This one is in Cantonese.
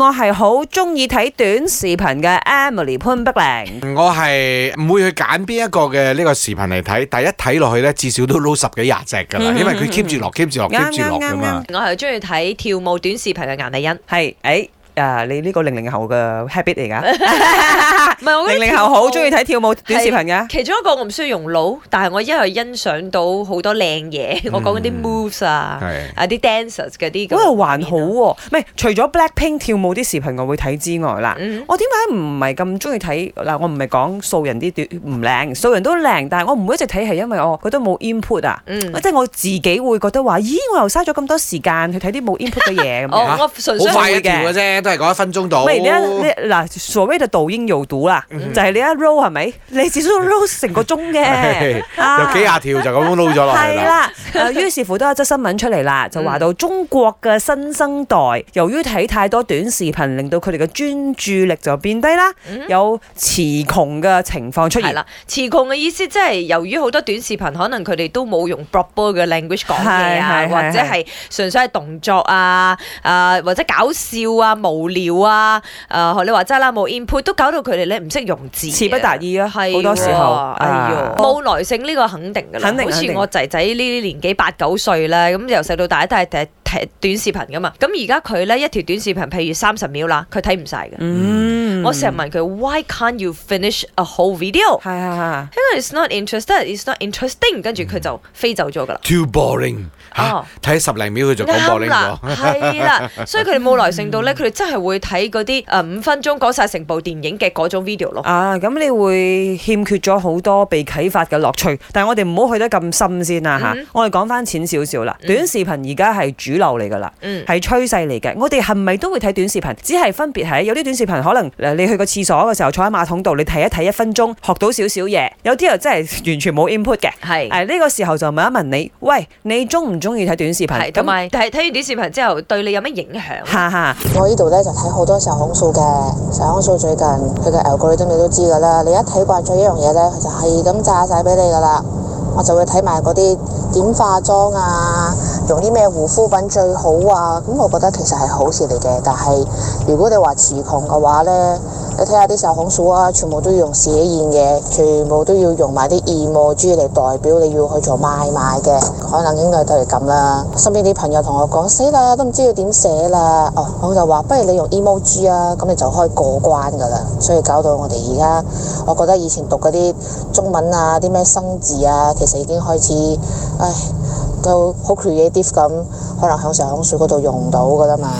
我係好中意睇短視頻嘅 Emily 潘碧玲，我係唔會去揀邊一個嘅呢個視頻嚟睇，但係一睇落去呢，至少都撈十幾廿隻噶啦，因為佢 keep 住落，keep 住落，keep 住落噶嘛。剛剛剛剛我係中意睇跳舞短視頻嘅顏麗欣，係誒。哎誒，uh, 你呢個零零後嘅 habit 嚟噶？唔 係，我零零後好中意睇跳舞短視頻噶。其中一個我唔需要用腦，但係我一係欣賞到好多靚嘢。Mm. 我講緊啲 moves 啊，啲 dancers 嗰啲。嗰個還好喎、啊，唔係、啊、除咗 BLACKPINK 跳舞啲視頻我會睇之外啦、mm. 我點解唔係咁中意睇嗱？我唔係講素人啲短唔靚，素人都靚，但係我唔會一直睇係因為我覺得冇 input 啊。即係、mm. 我自己會覺得話，咦？我又嘥咗咁多時間去睇啲冇 input 嘅嘢咁。哦， 我純粹嘅啫。 都係講一分鐘到。嗱、嗯，所謂嘅抖音又堵啦，嗯、就係你一 roll 係咪？你至少 roll 成個鐘嘅，有 幾廿條就咁樣撈咗落嚟啦。於是乎都有一則新聞出嚟啦，就話到中國嘅新生代由於睇太多短視頻，令到佢哋嘅專注力就變低啦，有詞窮嘅情況出現啦。詞窮嘅意思即係由於好多短視頻，可能佢哋都冇用 proper 嘅 language 講嘢啊，或者係純粹係動作啊，誒、啊、或者搞笑啊無聊啊！誒、啊，你話齋啦，冇 input 都搞到佢哋咧唔識用字，詞不達意啊，係好、啊、多時候，啊，哎呦，冇耐性呢個肯定㗎啦。肯定我。好似我仔仔呢啲年紀八九歲啦，咁由細到大都係睇睇短視頻㗎嘛。咁而家佢咧一條短視頻，譬如三十秒啦，佢睇唔晒嘅。嗯。嗯、我成日問佢，why can't you finish a whole video？係係係，因為 it's not interested，it's not interesting。跟住佢就飛走咗㗎啦。Too boring 嚇！睇、啊、十零秒佢就講 boring，係啦，所以佢哋冇耐性到咧，佢哋真係會睇嗰啲誒五分鐘講晒成部電影嘅嗰種 video 咯。啊，咁你會欠缺咗好多被啟發嘅樂趣。但係我哋唔好去得咁深先啦嚇、嗯啊，我哋講翻淺少少啦。嗯、短視頻而家係主流嚟㗎啦，係、嗯、趨勢嚟嘅。我哋係咪都會睇短視頻？只係分別係有啲短視頻可能。你去個廁所嘅時候坐喺馬桶度，你睇一睇一分鐘，學到少少嘢。有啲人真係完全冇 input 嘅。係，誒，呢個時候就問一問你，喂，你中唔中意睇短視頻？同埋，但係睇完短視頻之後，對你有咩影響？哈哈，我呢度咧就睇好多時候控數嘅，成控數最近佢嘅效果你都你都知噶啦。你一睇慣咗一樣嘢咧，就係咁炸晒俾你噶啦。我就會睇埋嗰啲點化妝啊。用啲咩護膚品最好啊？咁我覺得其實係好事嚟嘅。但係如果你話詞窮嘅話呢，你睇下啲小紅書啊，全部都要用寫現嘅，全部都要用埋啲 emoji 嚟代表你要去做買賣嘅，可能應該都係咁啦。身邊啲朋友同我講死啦，都唔知要點寫啦。哦，我就話不如你用 emoji 啊，咁你就可以過關噶啦。所以搞到我哋而家，我覺得以前讀嗰啲中文啊，啲咩生字啊，其實已經開始，唉。.都好 creative 咁，可能響上水嗰度用到噶啦嘛。